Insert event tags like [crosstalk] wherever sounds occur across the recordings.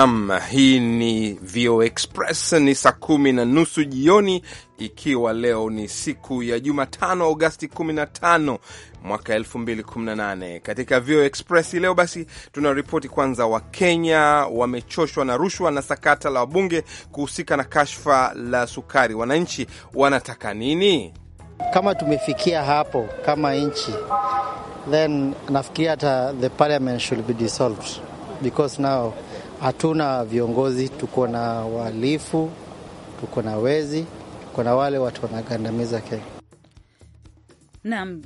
Nam, hii ni VO Express. Ni saa kumi na nusu jioni, ikiwa leo ni siku ya Jumatano, Agosti 15 mwaka 2018. Katika VO Express leo basi, tuna ripoti kwanza, Wakenya wamechoshwa na rushwa na sakata la wabunge kuhusika na kashfa la sukari. Wananchi wanataka nini? Kama tumefikia hapo kama nchi, then nafikiria hata the parliament should be dissolved because now Hatuna viongozi, tuko na wahalifu, tuko na wezi, tuko na wale watu wanagandamiza Kenya. Naam.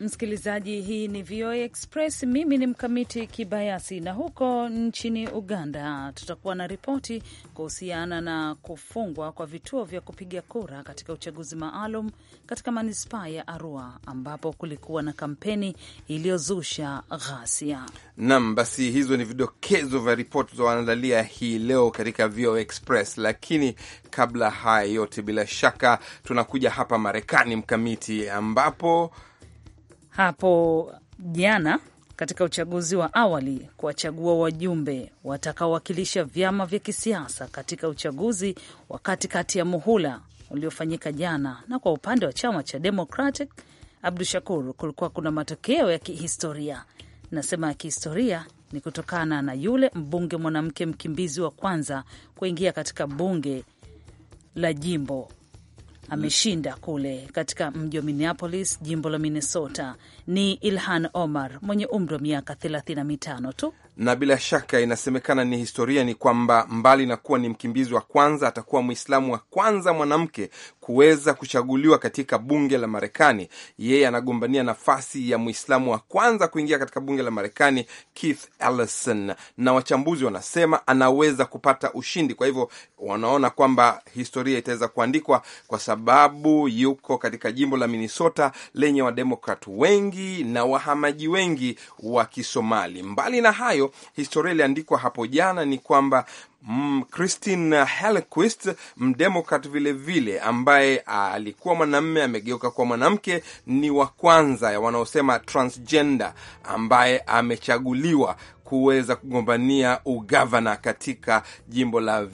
Msikilizaji, hii ni VOA Express. Mimi ni Mkamiti Kibayasi, na huko nchini Uganda tutakuwa na ripoti kuhusiana na kufungwa kwa vituo vya kupiga kura katika uchaguzi maalum katika manispaa ya Arua ambapo kulikuwa na kampeni iliyozusha ghasia. Naam, basi hizo ni vidokezo vya ripoti za waandalia hii leo katika VOA Express, lakini kabla haya yote, bila shaka tunakuja hapa Marekani, Mkamiti, ambapo hapo jana katika uchaguzi wa awali kuwachagua wajumbe watakaowakilisha vyama vya kisiasa katika uchaguzi wa katikati ya muhula uliofanyika jana. Na kwa upande wa chama cha Democratic, Abdu Shakur, kulikuwa kuna matokeo ya kihistoria. Nasema ya kihistoria ni kutokana na yule mbunge mwanamke mkimbizi wa kwanza kuingia katika bunge la jimbo ameshinda kule katika mji wa Minneapolis, jimbo la Minnesota, ni Ilhan Omar mwenye umri wa miaka 35 tu na bila shaka inasemekana ni historia ni kwamba mbali na kuwa ni mkimbizi wa kwanza, atakuwa Mwislamu wa kwanza mwanamke kuweza kuchaguliwa katika bunge la Marekani. Yeye anagombania nafasi ya Mwislamu wa kwanza kuingia katika bunge la Marekani, Keith Ellison, na wachambuzi wanasema anaweza kupata ushindi. Kwa hivyo wanaona kwamba historia itaweza kuandikwa kwa sababu yuko katika jimbo la Minnesota lenye Wademokrat wengi na wahamaji wengi wa Kisomali. Mbali na hayo historia iliandikwa hapo jana ni kwamba Mm, Christine Hellquist mdemokrat vilevile ambaye alikuwa mwanamme amegeuka kuwa mwanamke, ni wa kwanza ya wanaosema transgender ambaye amechaguliwa kuweza kugombania ugavana katika jimbo la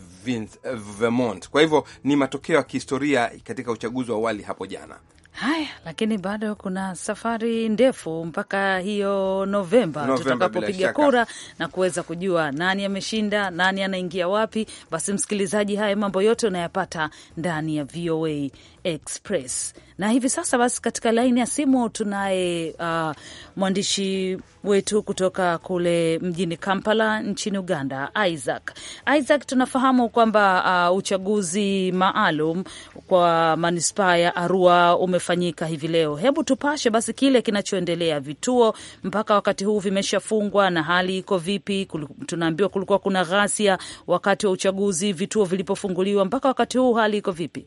Vermont. Kwa hivyo ni matokeo ya kihistoria katika uchaguzi wa awali hapo jana. Haya, lakini bado kuna safari ndefu mpaka hiyo Novemba tutakapopiga kura na kuweza kujua nani ameshinda, nani anaingia wapi. Basi msikilizaji, haya mambo yote unayapata ndani ya VOA Express. Na hivi sasa basi, katika laini ya simu tunaye uh, mwandishi wetu kutoka kule mjini Kampala nchini Uganda, Isaac. Isaac, tunafahamu kwamba uh, uchaguzi maalum kwa manispaa ya Arua umefanyika hivi leo. Hebu tupashe basi kile kinachoendelea, vituo mpaka wakati huu vimeshafungwa na hali iko vipi? Tunaambiwa kulikuwa kuna ghasia wakati wa uchaguzi, vituo vilipofunguliwa, mpaka wakati huu hali iko vipi?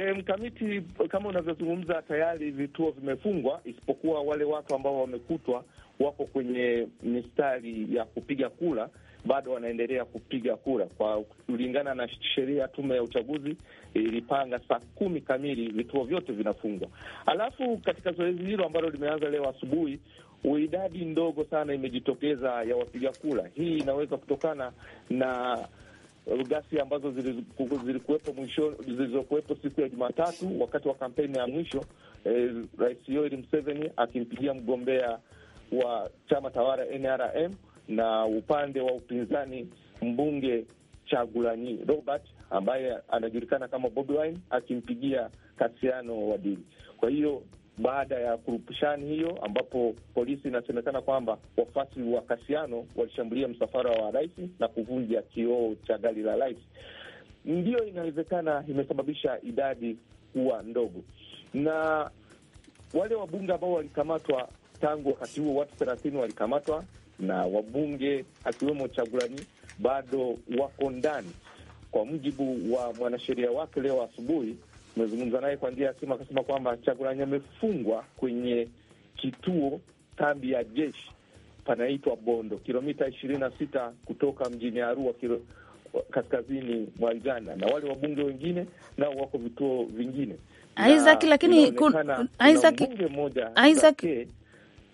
E, mkamiti, kama unavyozungumza, tayari vituo vimefungwa isipokuwa wale watu ambao wamekutwa wapo kwenye mistari ya kupiga kura bado wanaendelea kupiga kura. Kwa kulingana na sheria, tume ya uchaguzi ilipanga saa kumi kamili vituo vyote vinafungwa. Alafu katika zoezi hilo ambalo limeanza leo asubuhi, idadi ndogo sana imejitokeza ya wapiga kura. Hii inaweza kutokana na ghasia ambazo zilikuwepo mwisho zilizokuwepo siku ya Jumatatu wakati wa kampeni ya mwisho eh, Rais Yoweri Museveni akimpigia mgombea wa chama tawala NRM na upande wa upinzani mbunge Chagulanyi Robert ambaye anajulikana kama Bobi Wine akimpigia Kasiano Wadili. Kwa hiyo baada ya kurupushani hiyo, ambapo polisi inasemekana kwamba wafuasi wa Kasiano walishambulia msafara wa rais na kuvunja kioo cha gari la rais. Ndiyo inawezekana imesababisha idadi kuwa ndogo, na wale wabunge ambao walikamatwa tangu wakati huo, watu thelathini walikamatwa na wabunge akiwemo Chagulani bado wako ndani, kwa mujibu wa mwanasheria wake leo asubuhi Tumezungumza naye kwa njia ya simu, akasema kwamba Chagulanyi amefungwa kwenye kituo kambi ya jeshi panaitwa Bondo, kilomita ishirini na sita kutoka mjini Arua kilo, kaskazini mwa Uganda, na wale wabunge wengine nao wako vituo vingine. Isaac, lakini mbunge mmoja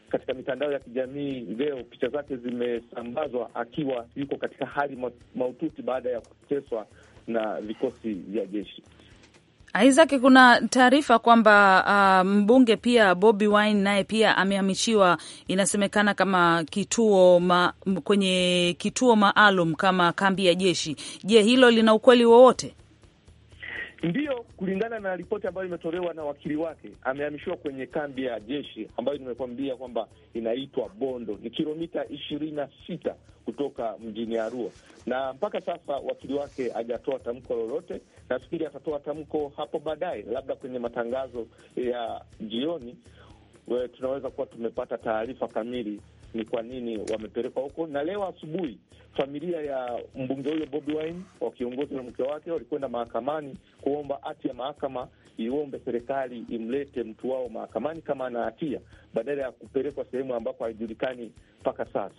katika mitandao ya kijamii leo picha zake zimesambazwa akiwa yuko katika hali maututi baada ya kuteswa na vikosi vya jeshi. Isaac, kuna taarifa kwamba uh, mbunge pia Bobi Wine naye pia amehamishiwa, inasemekana kama kituo ma, kwenye kituo maalum kama kambi ya jeshi. Je, hilo lina ukweli wowote? Ndiyo, kulingana na ripoti ambayo imetolewa na wakili wake, amehamishiwa kwenye kambi ya jeshi ambayo nimekuambia kwamba inaitwa Bondo, ni kilomita ishirini na sita kutoka mjini Arua, na mpaka sasa wakili wake hajatoa tamko lolote Nafikiri atatoa tamko hapo baadaye, labda kwenye matangazo ya jioni we, tunaweza kuwa tumepata taarifa kamili ni kwa nini wamepelekwa huko. Na leo asubuhi familia ya mbunge huyo Bobi Wine wakiongozwa na mke wake walikwenda mahakamani kuomba hati ya mahakama iombe serikali imlete mtu wao mahakamani kama ana hatia, badala ya kupelekwa sehemu ambapo haijulikani mpaka sasa.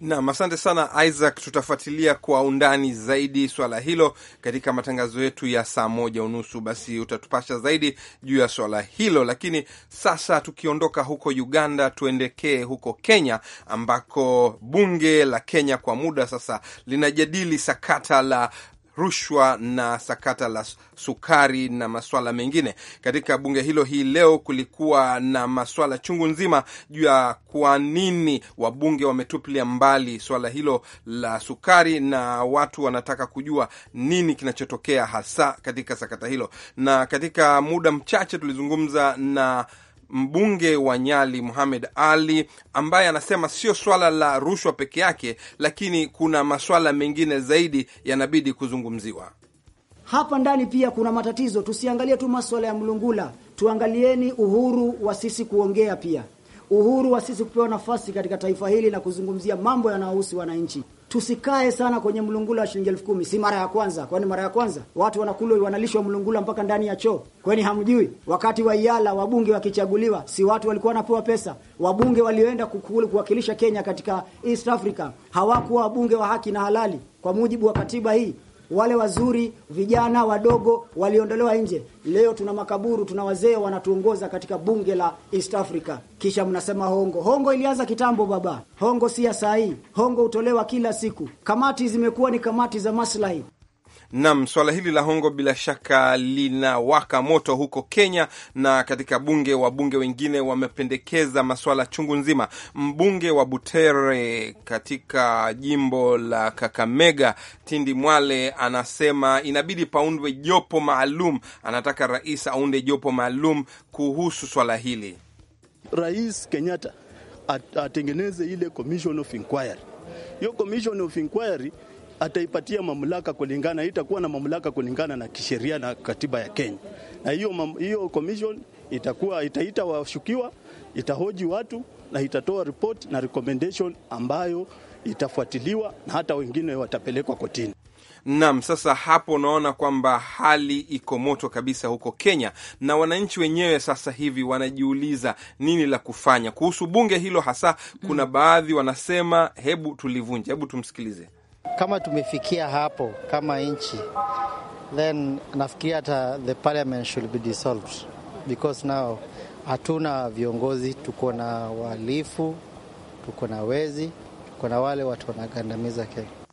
Naam, asante sana Isaac, tutafuatilia kwa undani zaidi swala hilo katika matangazo yetu ya saa moja unusu. Basi utatupasha zaidi juu ya swala hilo, lakini sasa tukiondoka huko Uganda, tuendekee huko Kenya ambako bunge la Kenya kwa muda sasa linajadili sakata la rushwa na sakata la sukari na maswala mengine. Katika bunge hilo hii leo kulikuwa na maswala chungu nzima juu ya kwa nini wabunge wametupilia mbali swala hilo la sukari, na watu wanataka kujua nini kinachotokea hasa katika sakata hilo. Na katika muda mchache tulizungumza na mbunge wa Nyali Muhamed Ali ambaye anasema sio swala la rushwa peke yake, lakini kuna maswala mengine zaidi yanabidi kuzungumziwa hapa ndani. Pia kuna matatizo, tusiangalie tu maswala ya mlungula, tuangalieni uhuru wa sisi kuongea pia uhuru wa sisi kupewa nafasi katika taifa hili na kuzungumzia mambo yanayohusu wananchi. Tusikae sana kwenye mlungula wa shilingi elfu kumi. Si mara ya kwanza, kwani mara ya kwanza watu wanakula wanalishwa mlungula mpaka ndani ya choo, kwani hamjui? Wakati wa iala wabunge wakichaguliwa, si watu walikuwa wanapewa pesa? Wabunge walioenda kuwakilisha Kenya katika East Africa hawakuwa wabunge wa haki na halali kwa mujibu wa katiba hii wale wazuri, vijana wadogo waliondolewa nje. Leo tuna makaburu, tuna wazee wanatuongoza katika bunge la East Africa, kisha mnasema hongo. Hongo ilianza kitambo baba, hongo si ya saa hii. Hongo hutolewa kila siku. Kamati zimekuwa ni kamati za maslahi Nam, swala hili la hongo bila shaka linawaka moto huko Kenya na katika bunge, wabunge wengine wamependekeza maswala chungu nzima. Mbunge wa Butere katika jimbo la Kakamega, Tindi Mwale, anasema inabidi paundwe jopo maalum. Anataka rais aunde jopo maalum kuhusu swala hili. Rais Kenyatta atengeneze ile commission of inquiry. Hiyo commission of inquiry ataipatia mamlaka kulingana, itakuwa na mamlaka kulingana na kisheria na katiba ya Kenya, na hiyo hiyo commission itakuwa itaita washukiwa, itahoji watu na itatoa report na recommendation ambayo itafuatiliwa na hata wengine watapelekwa kotini. Naam, sasa hapo unaona kwamba hali iko moto kabisa huko Kenya, na wananchi wenyewe sasa hivi wanajiuliza nini la kufanya kuhusu bunge hilo hasa. Kuna mm. baadhi wanasema hebu tulivunje. Hebu tumsikilize. Kama tumefikia hapo kama nchi, then nafikiria hata the parliament should be dissolved because now hatuna viongozi, tuko na wahalifu, tuko na wezi, tuko na wale watu wanagandamiza Kenya.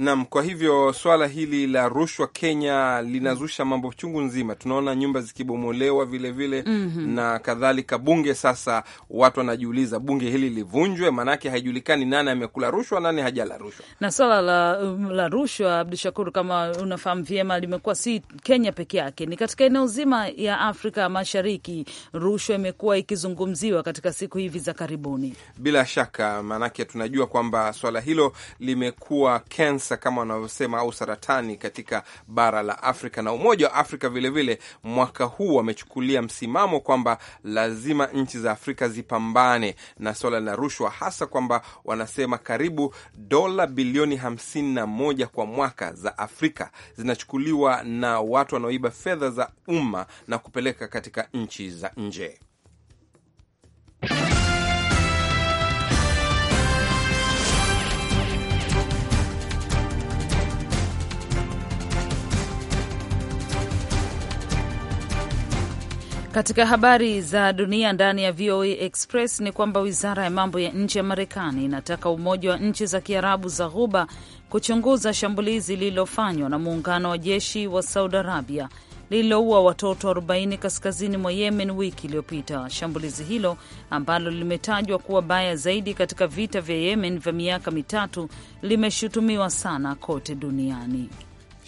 Naam, kwa hivyo swala hili la rushwa Kenya linazusha mambo chungu nzima. Tunaona nyumba zikibomolewa vilevile mm -hmm. na kadhalika. Bunge sasa, watu wanajiuliza bunge hili livunjwe, maanake haijulikani nani amekula rushwa, nani hajala rushwa. Na swala la, um, la rushwa, Abdu Shakur, kama unafahamu vyema, limekuwa si Kenya peke yake, ni katika eneo zima ya Afrika Mashariki. Rushwa imekuwa ikizungumziwa katika siku hivi za karibuni, bila shaka, maanake tunajua kwamba swala hilo limekuwa cancer kansa kama wanavyosema au saratani katika bara la Afrika. Na Umoja wa Afrika vilevile vile, mwaka huu wamechukulia msimamo kwamba lazima nchi za Afrika zipambane na swala la rushwa, hasa kwamba wanasema karibu dola bilioni moja kwa mwaka za Afrika zinachukuliwa na watu wanaoiba fedha za umma na kupeleka katika nchi za nje. Katika habari za dunia ndani ya VOA Express ni kwamba wizara ya mambo ya nje ya Marekani inataka Umoja wa Nchi za Kiarabu za Ghuba kuchunguza shambulizi lililofanywa na muungano wa jeshi wa Saudi Arabia lililoua watoto 40 kaskazini mwa Yemen wiki iliyopita. Shambulizi hilo ambalo limetajwa kuwa baya zaidi katika vita vya Yemen vya miaka mitatu limeshutumiwa sana kote duniani.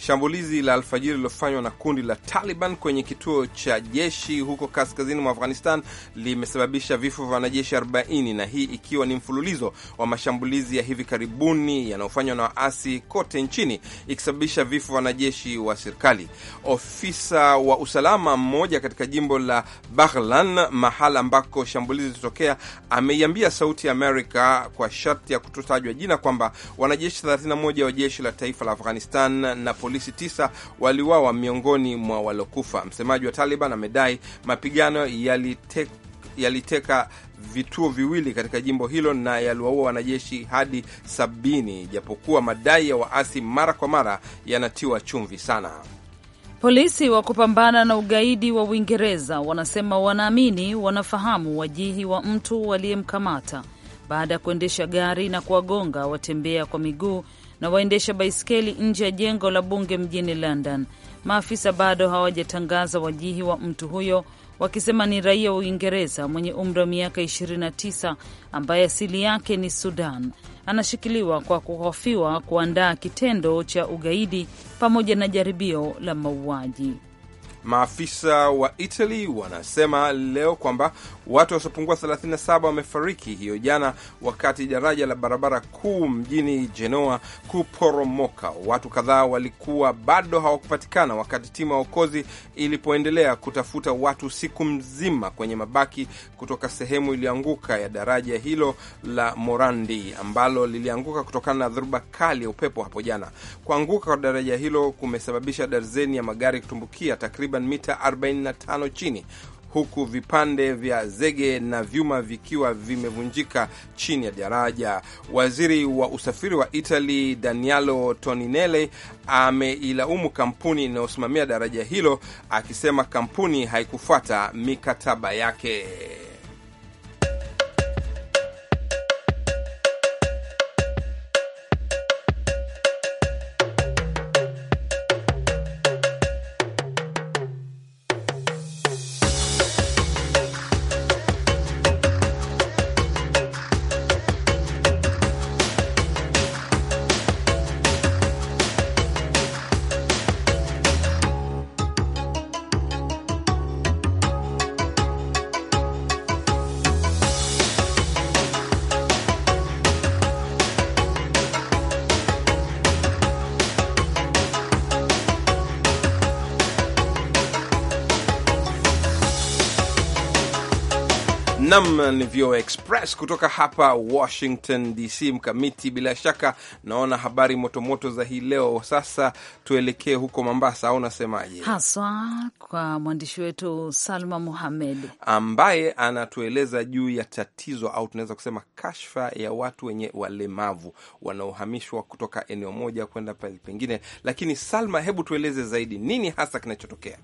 Shambulizi la alfajiri lililofanywa na kundi la Taliban kwenye kituo cha jeshi huko kaskazini mwa Afghanistan limesababisha vifo vya wanajeshi 40 na hii ikiwa ni mfululizo wa mashambulizi ya hivi karibuni yanayofanywa na waasi kote nchini ikisababisha vifo vya wanajeshi wa serikali. Ofisa wa usalama mmoja katika jimbo la Baghlan, mahala ambako shambulizi lilitokea, ameiambia Sauti ya Amerika kwa sharti ya kutotajwa jina kwamba wanajeshi 31 wa jeshi la taifa la Afghanistan na polisi polisi tisa waliwawa miongoni mwa walokufa. Msemaji wa Taliban amedai mapigano yaliteka yaliteka vituo viwili katika jimbo hilo na yaliwaua wanajeshi hadi sabini, japokuwa madai ya waasi mara kwa mara yanatiwa chumvi sana. Polisi wa kupambana na ugaidi wa Uingereza wanasema wanaamini wanafahamu wajihi wa mtu waliyemkamata baada ya kuendesha gari na kuwagonga watembea kwa miguu na waendesha baiskeli nje ya jengo la bunge mjini London. Maafisa bado hawajatangaza wajihi wa mtu huyo, wakisema ni raia wa Uingereza mwenye umri wa miaka 29 ambaye asili yake ni Sudan. Anashikiliwa kwa kuhofiwa kuandaa kitendo cha ugaidi pamoja na jaribio la mauaji. Maafisa wa Italy wanasema leo kwamba Watu wasiopungua 37 wamefariki hiyo jana wakati daraja la barabara kuu mjini Genoa kuporomoka. Watu kadhaa walikuwa bado hawakupatikana wakati timu ya okozi ilipoendelea kutafuta watu siku mzima kwenye mabaki kutoka sehemu iliyoanguka ya daraja hilo la Morandi ambalo lilianguka kutokana na dhoruba kali ya upepo hapo jana. Kuanguka kwa daraja hilo kumesababisha darzeni ya magari kutumbukia takriban mita 45 chini huku vipande vya zege na vyuma vikiwa vimevunjika chini ya daraja. Waziri wa usafiri wa Italy Danielo Toninelli ameilaumu kampuni inayosimamia daraja hilo akisema kampuni haikufuata mikataba yake. Nam ni VOA Express kutoka hapa Washington DC. Mkamiti, bila shaka naona habari motomoto za hii leo. Sasa tuelekee huko Mombasa, au unasemaje? Haswa kwa mwandishi wetu Salma Muhamed ambaye anatueleza juu ya tatizo au tunaweza kusema kashfa ya watu wenye walemavu wanaohamishwa kutoka eneo moja kwenda pale pengine. Lakini Salma, hebu tueleze zaidi, nini hasa kinachotokea?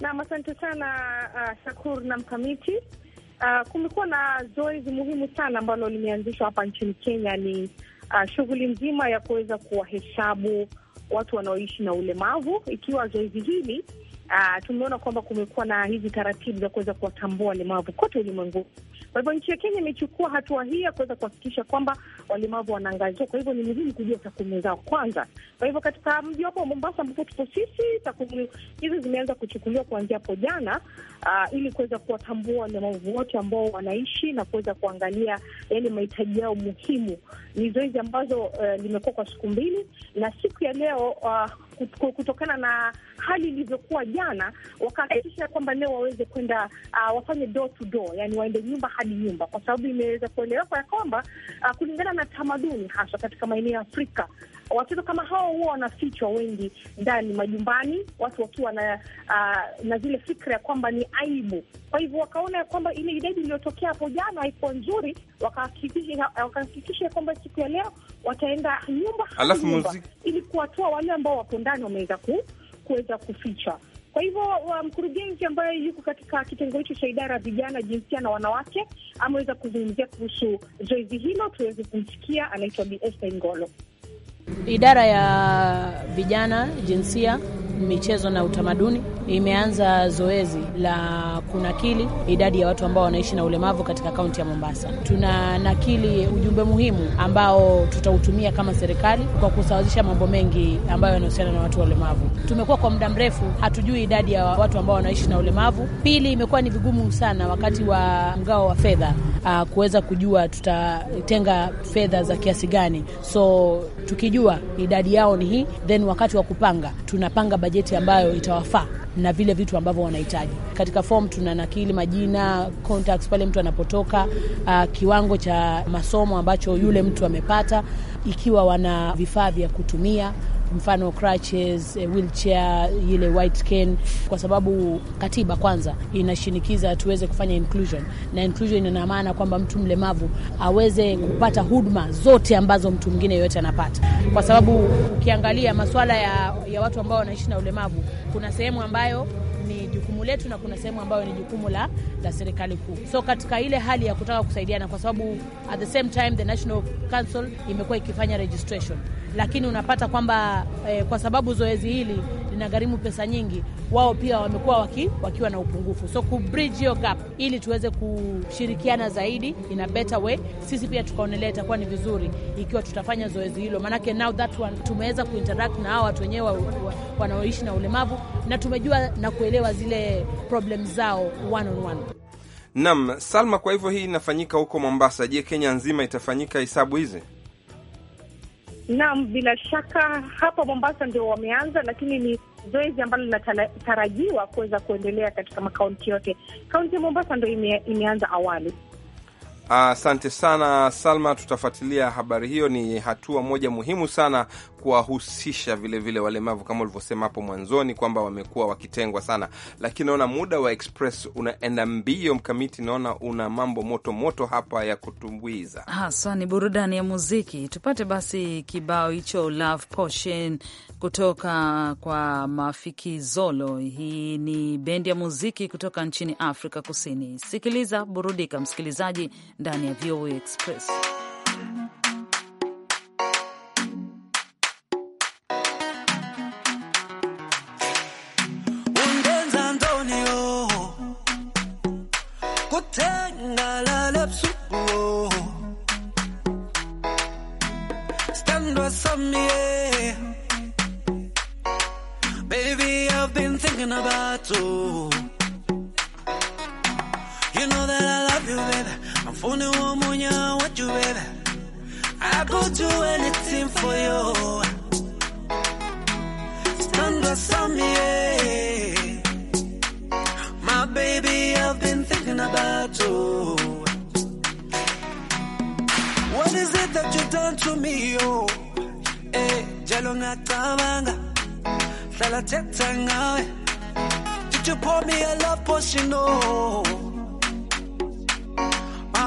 Nam, asante sana uh, Shakur na Mkamiti. Uh, kumekuwa na zoezi muhimu sana ambalo limeanzishwa hapa nchini Kenya, ni uh, shughuli nzima ya kuweza kuwahesabu watu wanaoishi na ulemavu, ikiwa zoezi hili Uh, tumeona kwamba kumekuwa na hizi taratibu za kuweza kuwatambua walemavu kote ulimwenguni. Kwa hivyo nchi ya Kenya imechukua hatua hii ya kuweza kuhakikisha kwamba walemavu wanaangaziwa. Kwa hivyo ni muhimu kujua takwimu zao kwanza. Kwa hivyo katika mji wapo wa Mombasa ambapo tupo sisi, takwimu hizi zimeanza kuchukuliwa kuanzia hapo jana, uh, ili kuweza kuwatambua walemavu wote ambao wanaishi na kuweza kuangalia yale mahitaji yao muhimu. Ni zoezi ambazo uh, limekuwa kwa siku mbili na siku ya leo uh, kutokana na hali ilivyokuwa jana, wakahakikisha kwamba leo waweze kwenda uh, wafanye door to door, yani waende nyumba hadi nyumba, kwa sababu imeweza kueleweka ya kwamba uh, kulingana na tamaduni hasa katika maeneo ya Afrika watoto kama hao huwa wanafichwa wengi ndani majumbani, watu wakiwa na uh, na zile fikra ya kwamba ni aibu. Kwa hivyo wakaona ya kwamba ile idadi iliyotokea hapo jana haikuwa nzuri, wakahakikisha ya kwamba siku ya leo wataenda nyumba nyumba, ili kuwatoa wale ambao wapo ndani wameweza ku kuweza kufichwa. Kwa hivyo mkurugenzi um, ambaye yuko katika kitengo hicho cha idara ya vijana, jinsia na wanawake ameweza kuzungumzia kuhusu zoezi hilo, tuweze kumsikia. Anaitwa Bi Esther Ngolo, idara ya vijana, jinsia michezo na utamaduni imeanza zoezi la kunakili idadi ya watu ambao wanaishi na ulemavu katika kaunti ya Mombasa. Tuna nakili ujumbe muhimu ambao tutautumia kama serikali kwa kusawazisha mambo mengi ambayo yanahusiana na watu walemavu. Tumekuwa kwa muda mrefu hatujui idadi ya watu ambao wanaishi na ulemavu. Pili, imekuwa ni vigumu sana wakati wa mgao wa fedha ah, kuweza kujua tutatenga fedha za kiasi gani. So tukijua idadi yao ni hii, then wakati wa kupanga tunapanga bajeti ambayo itawafaa na vile vitu ambavyo wanahitaji. Katika form tuna nakili majina, contacts pale mtu anapotoka, uh, kiwango cha masomo ambacho yule mtu amepata, ikiwa wana vifaa vya kutumia mfano crutches, eh, wheelchair, ile white cane, kwa sababu katiba kwanza inashinikiza tuweze kufanya inclusion, na inclusion ina maana kwamba mtu mlemavu aweze kupata huduma zote ambazo mtu mwingine yoyote anapata, kwa sababu ukiangalia masuala ya, ya watu ambao wanaishi na ulemavu kuna sehemu ambayo ni jukumu letu na kuna sehemu ambayo ni jukumu la, la serikali kuu. So katika ile hali ya kutaka kusaidiana, kwa sababu at the same time the National Council imekuwa ikifanya registration, lakini unapata kwamba eh, kwa sababu zoezi hili inagharimu pesa nyingi, wao pia wamekuwa waki, wakiwa na upungufu. So kubridge hiyo gap ili tuweze kushirikiana zaidi in a better way, sisi pia tukaonelea itakuwa ni vizuri ikiwa tutafanya zoezi hilo, maanake now that one tumeweza kuinteract na hawa watu wenyewe wanaoishi na ulemavu na tumejua na kuelewa zile problem zao one on one. Naam, Salma, kwa hivyo hii inafanyika huko Mombasa. Je, Kenya nzima itafanyika hesabu hizi? Naam, bila shaka hapa Mombasa ndio wameanza, lakini ni zoezi ambalo linatarajiwa kuweza kuendelea katika makaunti yote. Kaunti ya Mombasa ndio ime, imeanza awali. Asante sana Salma, tutafuatilia habari hiyo. Ni hatua moja muhimu sana kuwahusisha vilevile walemavu, kama ulivyosema hapo mwanzoni kwamba wamekuwa wakitengwa sana, lakini naona muda wa express unaenda mbio. Mkamiti, naona una mambo moto moto hapa ya kutumbuiza haswa, ni burudani ya muziki. Tupate basi kibao hicho Love Potion kutoka kwa Mafikizolo. Hii ni bendi ya muziki kutoka nchini Afrika Kusini. Sikiliza, burudika msikilizaji ndani ya VOA Express.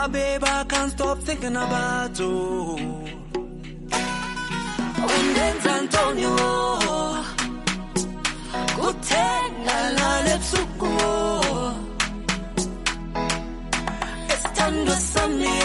My ah, babe, I can't stop thinking about you. Un dente Antonio, love kuthen ngalale busuku. Isithandwa sami.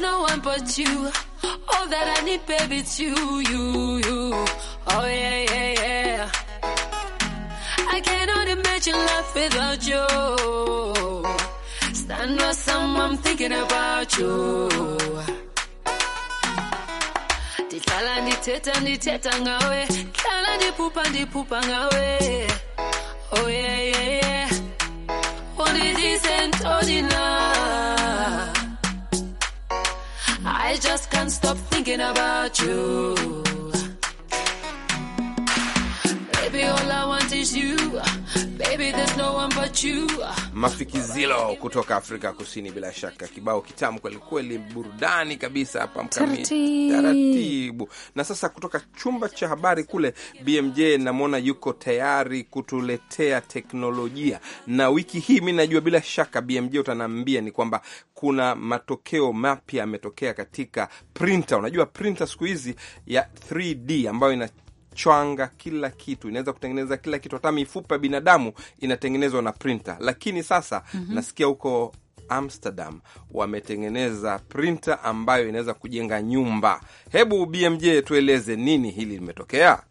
no one but you. All that I need, baby, it's you, you, you. Oh yeah, yeah, yeah. I cannot imagine life without you. Stand by someone thinking about you. Nditala ndithetha ndithetha ngawe, ndhlala ndiphupha ndiphupha ngawe. Oh yeah, yeah, yeah. Only decent, ordinary. I just can't stop thinking about you. Baby, all I want is you. Mafikizilo kutoka Afrika Kusini, bila shaka kibao kitamu kwelikweli, burudani kabisa hapa mkamiti taratibu. Na sasa kutoka chumba cha habari kule, BMJ namwona yuko tayari kutuletea teknolojia, na wiki hii mi najua bila shaka BMJ utanaambia ni kwamba kuna matokeo mapya yametokea katika printer. Unajua printer siku hizi ya 3D ambayo ina kuchanga kila kitu, inaweza kutengeneza kila kitu, hata mifupa ya binadamu inatengenezwa na printa. Lakini sasa mm -hmm. nasikia huko Amsterdam wametengeneza printa ambayo inaweza kujenga nyumba. Hebu BMJ tueleze nini hili limetokea?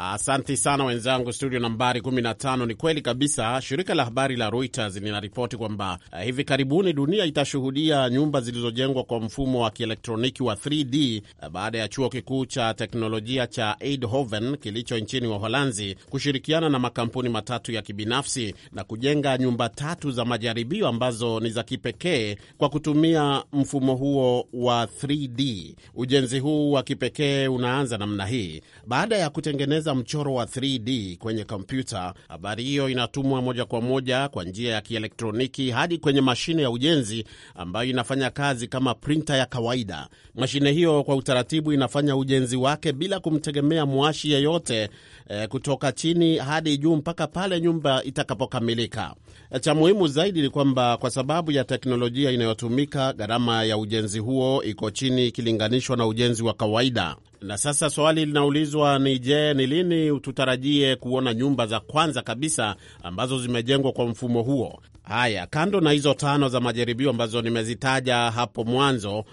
Asanti sana wenzangu studio nambari 15. Ni kweli kabisa, shirika la habari la Reuters linaripoti kwamba uh, hivi karibuni dunia itashuhudia nyumba zilizojengwa kwa mfumo wa kielektroniki wa 3D uh, eh, baada ya chuo kikuu cha teknolojia cha Eindhoven kilicho nchini Uholanzi kushirikiana na makampuni matatu ya kibinafsi na kujenga nyumba tatu za majaribio ambazo ni za kipekee kwa kutumia mfumo huo wa 3D. Ujenzi huu wa kipekee unaanza namna hii baada ya kutengeneza kutengeneza mchoro wa 3D kwenye kompyuta. Habari hiyo inatumwa moja kwa moja kwa njia ya kielektroniki hadi kwenye mashine ya ujenzi ambayo inafanya kazi kama printa ya kawaida. Mashine hiyo kwa utaratibu inafanya ujenzi wake bila kumtegemea mwashi yeyote, eh, kutoka chini hadi juu mpaka pale nyumba itakapokamilika. Eh, cha muhimu zaidi ni kwamba kwa sababu ya teknolojia inayotumika, gharama ya ujenzi huo iko chini ikilinganishwa na ujenzi wa kawaida. Na sasa swali linaulizwa ni je, ni lini tutarajie kuona nyumba za kwanza kabisa ambazo zimejengwa kwa mfumo huo? Haya, kando na hizo tano za majaribio ambazo nimezitaja hapo mwanzo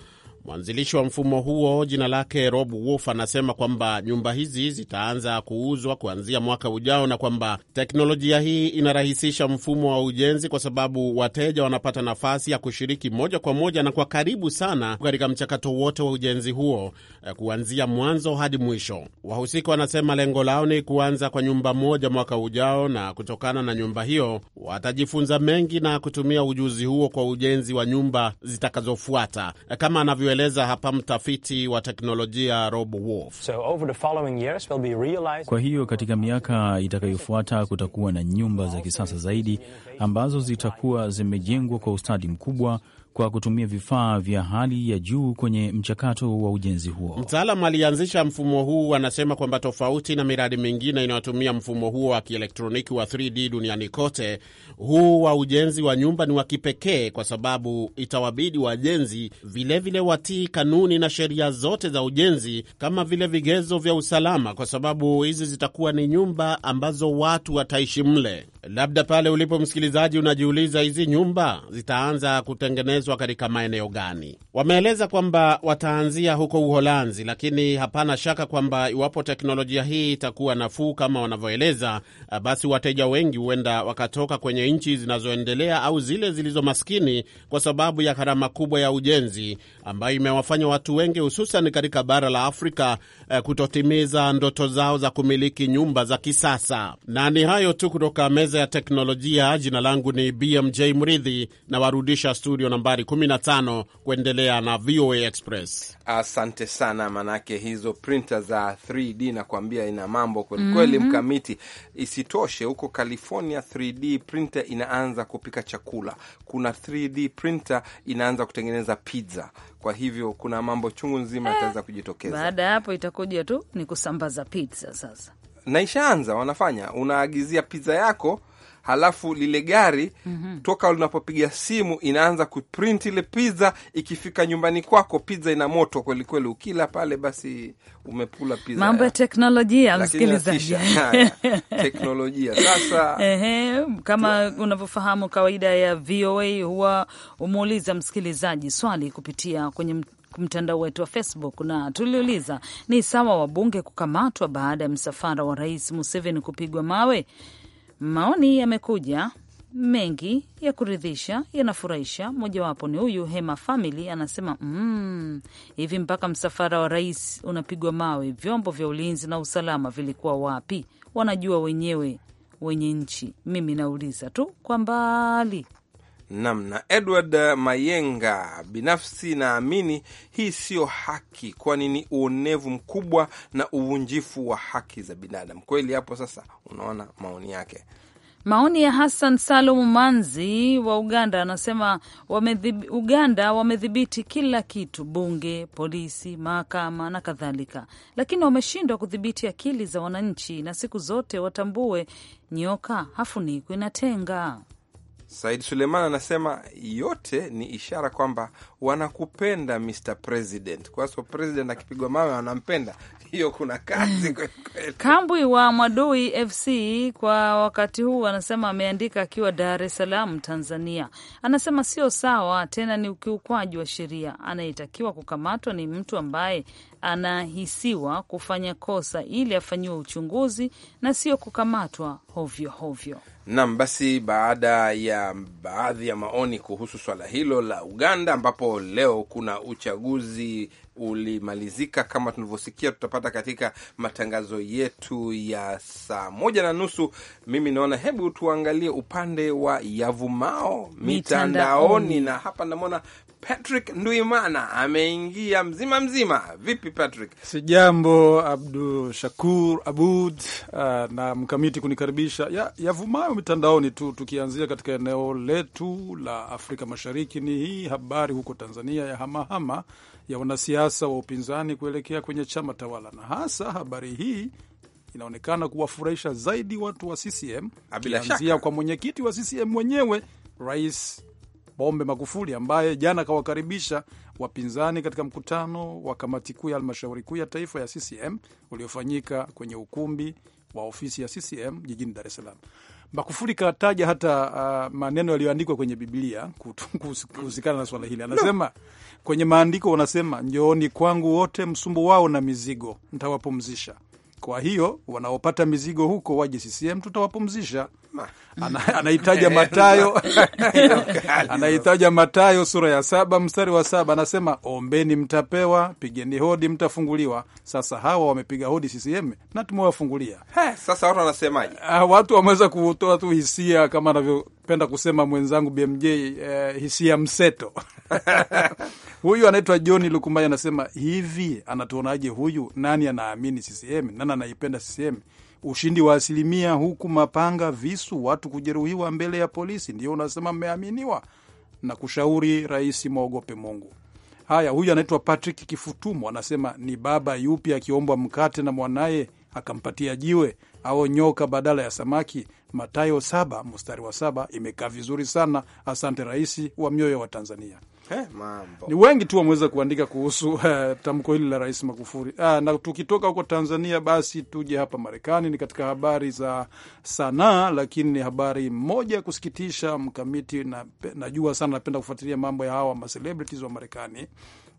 Mwanzilishi wa mfumo huo jina lake Rob Wolf anasema kwamba nyumba hizi zitaanza kuuzwa kuanzia mwaka ujao na kwamba teknolojia hii inarahisisha mfumo wa ujenzi kwa sababu wateja wanapata nafasi ya kushiriki moja kwa moja na kwa karibu sana katika mchakato wote wa ujenzi huo eh, kuanzia mwanzo hadi mwisho. Wahusika wanasema lengo lao ni kuanza kwa nyumba moja mwaka ujao, na kutokana na nyumba hiyo watajifunza mengi na kutumia ujuzi huo kwa ujenzi wa nyumba zitakazofuata eh, kama anavyo anavyoeleza hapa mtafiti wa teknolojia Rob Wolf. So over the following years we'll be realizing... Kwa hiyo katika miaka itakayofuata kutakuwa na nyumba za kisasa zaidi ambazo zitakuwa zimejengwa kwa ustadi mkubwa kwa kutumia vifaa vya hali ya juu kwenye mchakato wa ujenzi huo. Mtaalam alianzisha mfumo huu anasema kwamba tofauti na miradi mingine inayotumia mfumo huo wa kielektroniki wa 3D duniani kote, huu wa ujenzi wa nyumba ni wa kipekee kwa sababu itawabidi wajenzi vilevile watii kanuni na sheria zote za ujenzi kama vile vigezo vya usalama, kwa sababu hizi zitakuwa ni nyumba ambazo watu wataishi mle. Labda pale ulipo msikilizaji, unajiuliza hizi nyumba zitaanza kutengenezwa katika maeneo gani? Wameeleza kwamba wataanzia huko Uholanzi, lakini hapana shaka kwamba iwapo teknolojia hii itakuwa nafuu kama wanavyoeleza, eh, basi wateja wengi huenda wakatoka kwenye nchi zinazoendelea au zile zilizo maskini kwa sababu ya gharama kubwa ya ujenzi ambayo imewafanya watu wengi hususan katika bara la Afrika eh, kutotimiza ndoto zao za kumiliki nyumba za kisasa. Na ni hayo tu kutoka meza ya teknolojia. Jina langu ni BMJ Mridhi na warudisha studio nambari 15 kuendelea na VOA Express. Asante sana, manake hizo printa za 3D nakuambia ina mambo kwelikweli, mm -hmm. Mkamiti isitoshe, huko California 3D printa inaanza kupika chakula, kuna 3D printa inaanza kutengeneza pizza kwa hivyo kuna mambo chungu nzima eh, yataweza eh, kujitokeza. Baada ya hapo itakuja tu ni kusambaza pizza sasa, na ishaanza wanafanya, unaagizia pizza yako halafu lile gari mm -hmm. toka linapopiga simu inaanza kuprint ile pizza. Ikifika nyumbani kwako, pizza ina moto kwelikweli. Ukila pale, basi umepula pizza. Mambo ya teknolojia, msikilizaji, [laughs] teknolojia sasa. Ehe, kama unavyofahamu, kawaida ya VOA huwa umeuliza msikilizaji swali kupitia kwenye mtandao wetu wa Facebook na tuliuliza, ni sawa wabunge kukamatwa baada ya msafara wa Rais Museveni kupigwa mawe? Maoni yamekuja mengi ya kuridhisha, yanafurahisha. Mojawapo ni huyu Hema famili anasema mmm, hivi mpaka msafara wa rais unapigwa mawe, vyombo vya ulinzi na usalama vilikuwa wapi? Wanajua wenyewe wenye nchi. Mimi nauliza tu kwa mbali namna. Edward Mayenga, binafsi naamini hii siyo haki, kwani ni uonevu mkubwa na uvunjifu wa haki za binadamu. Kweli hapo sasa unaona maoni yake. Maoni ya Hassan Salum Manzi wa Uganda anasema wamedhib... Uganda wamedhibiti kila kitu, bunge, polisi, mahakama na kadhalika, lakini wameshindwa kudhibiti akili za wananchi, na siku zote watambue nyoka hafunikwi na tenga. Said Suleiman anasema yote ni ishara kwamba wanakupenda Mr President, kwa sababu president akipigwa mawe wanampenda. Hiyo kuna kazi kwelikweli. Kambwi wa Mwadui FC kwa wakati huu anasema, ameandika akiwa Dar es Salaam, Tanzania. Anasema sio sawa, tena ni ukiukwaji wa sheria. Anayetakiwa kukamatwa ni mtu ambaye anahisiwa kufanya kosa ili afanyiwe uchunguzi na sio kukamatwa hovyo hovyo. Nam, basi baada ya baadhi ya maoni kuhusu swala hilo la Uganda, ambapo leo kuna uchaguzi ulimalizika kama tunavyosikia, tutapata katika matangazo yetu ya saa moja na nusu. Mimi naona hebu tuangalie upande wa yavumao mitandaoni, na hapa namwona Patrick Nduimana ameingia mzima mzima. Vipi Patrick? Si jambo Abdu Shakur Abud uh, na mkamiti kunikaribisha yavumayo ya mitandaoni tu, tukianzia katika eneo letu la Afrika Mashariki ni hii habari huko Tanzania ya hamahama ya wanasiasa wa upinzani kuelekea kwenye chama tawala, na hasa habari hii inaonekana kuwafurahisha zaidi watu wa CCM, ah, bila shaka kwa mwenyekiti wa CCM mwenyewe Rais Pombe Magufuli ambaye jana akawakaribisha wapinzani katika mkutano wa kamati kuu ya halmashauri kuu ya taifa ya CCM uliofanyika kwenye ukumbi wa ofisi ya CCM jijini Dar es Salaam. Magufuli kataja hata uh, maneno yaliyoandikwa kwenye Biblia kuhusikana na swala hili. Anasema no. kwenye maandiko wanasema, njooni kwangu wote msumbu wao na mizigo, ntawapumzisha. Kwa hiyo wanaopata mizigo huko waje CCM, tutawapumzisha. [laughs] anaitaja [laughs] Matayo [laughs] anaitaja Matayo sura ya saba mstari wa saba anasema, ombeni mtapewa, pigeni hodi mtafunguliwa. Sasa hawa wamepiga hodi CCM na tumewafungulia. Sasa watu wanasemaje? Ah, watu wameweza kutoa tu hisia kama anavyopenda kusema mwenzangu BMJ, eh, hisia mseto huyu anaitwa John Lukumbai anasema hivi, anatuonaje huyu? Nani anaamini CCM? Nani anaipenda CCM? ushindi wa asilimia, huku mapanga, visu, watu kujeruhiwa mbele ya polisi, ndio unasema mmeaminiwa na kushauri rais mwogope Mungu. Haya, huyu anaitwa Patrick Kifutumu anasema ni baba yupi akiombwa mkate na mwanaye akampatia jiwe au nyoka badala ya samaki? Matayo saba mstari wa saba imekaa vizuri sana. Asante rais wa mioyo wa Tanzania. Eh, mambo. Ni wengi tu wameweza kuandika kuhusu uh, tamko hili la Rais Magufuli. Uh, na tukitoka huko Tanzania basi tuje hapa Marekani. Ni katika habari za sanaa, lakini ni habari moja ya kusikitisha mkamiti na, najua sana napenda kufuatilia mambo ya hawa macelebrities wa Marekani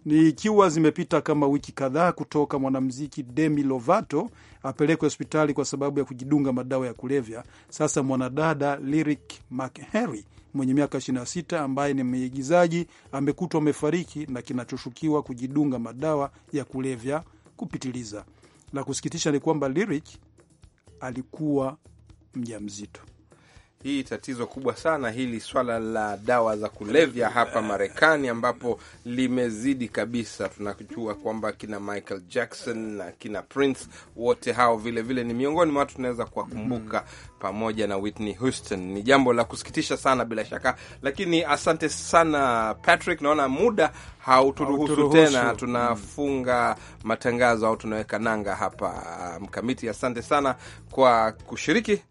ni ikiwa zimepita kama wiki kadhaa kutoka mwanamuziki Demi Lovato apelekwe hospitali kwa sababu ya kujidunga madawa ya kulevya. Sasa mwanadada Lyric McHenry mwenye miaka 26 ambaye ni mwigizaji amekutwa amefariki na kinachoshukiwa kujidunga madawa ya kulevya kupitiliza. La kusikitisha ni kwamba Lyric alikuwa mjamzito hii tatizo kubwa sana hili swala la dawa za kulevya hapa Marekani, ambapo limezidi kabisa. Tunajua kwamba kina Michael Jackson na kina Prince, wote hao vilevile vile ni miongoni mwa watu tunaweza kuwakumbuka pamoja na Whitney Houston. Ni jambo la kusikitisha sana bila shaka, lakini asante sana Patrick, naona muda hauturuhusu tena, tunafunga matangazo au tunaweka nanga hapa. Mkamiti, asante sana kwa kushiriki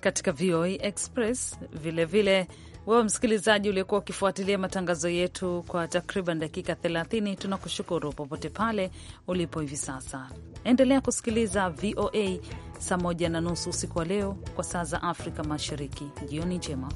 katika VOA Express vilevile vile, wewe msikilizaji uliokuwa ukifuatilia matangazo yetu kwa takriban dakika 30, tunakushukuru popote pale ulipo hivi sasa. Endelea kusikiliza VOA saa moja na nusu usiku wa leo kwa saa za Afrika Mashariki. Jioni njema.